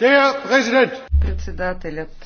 Председателят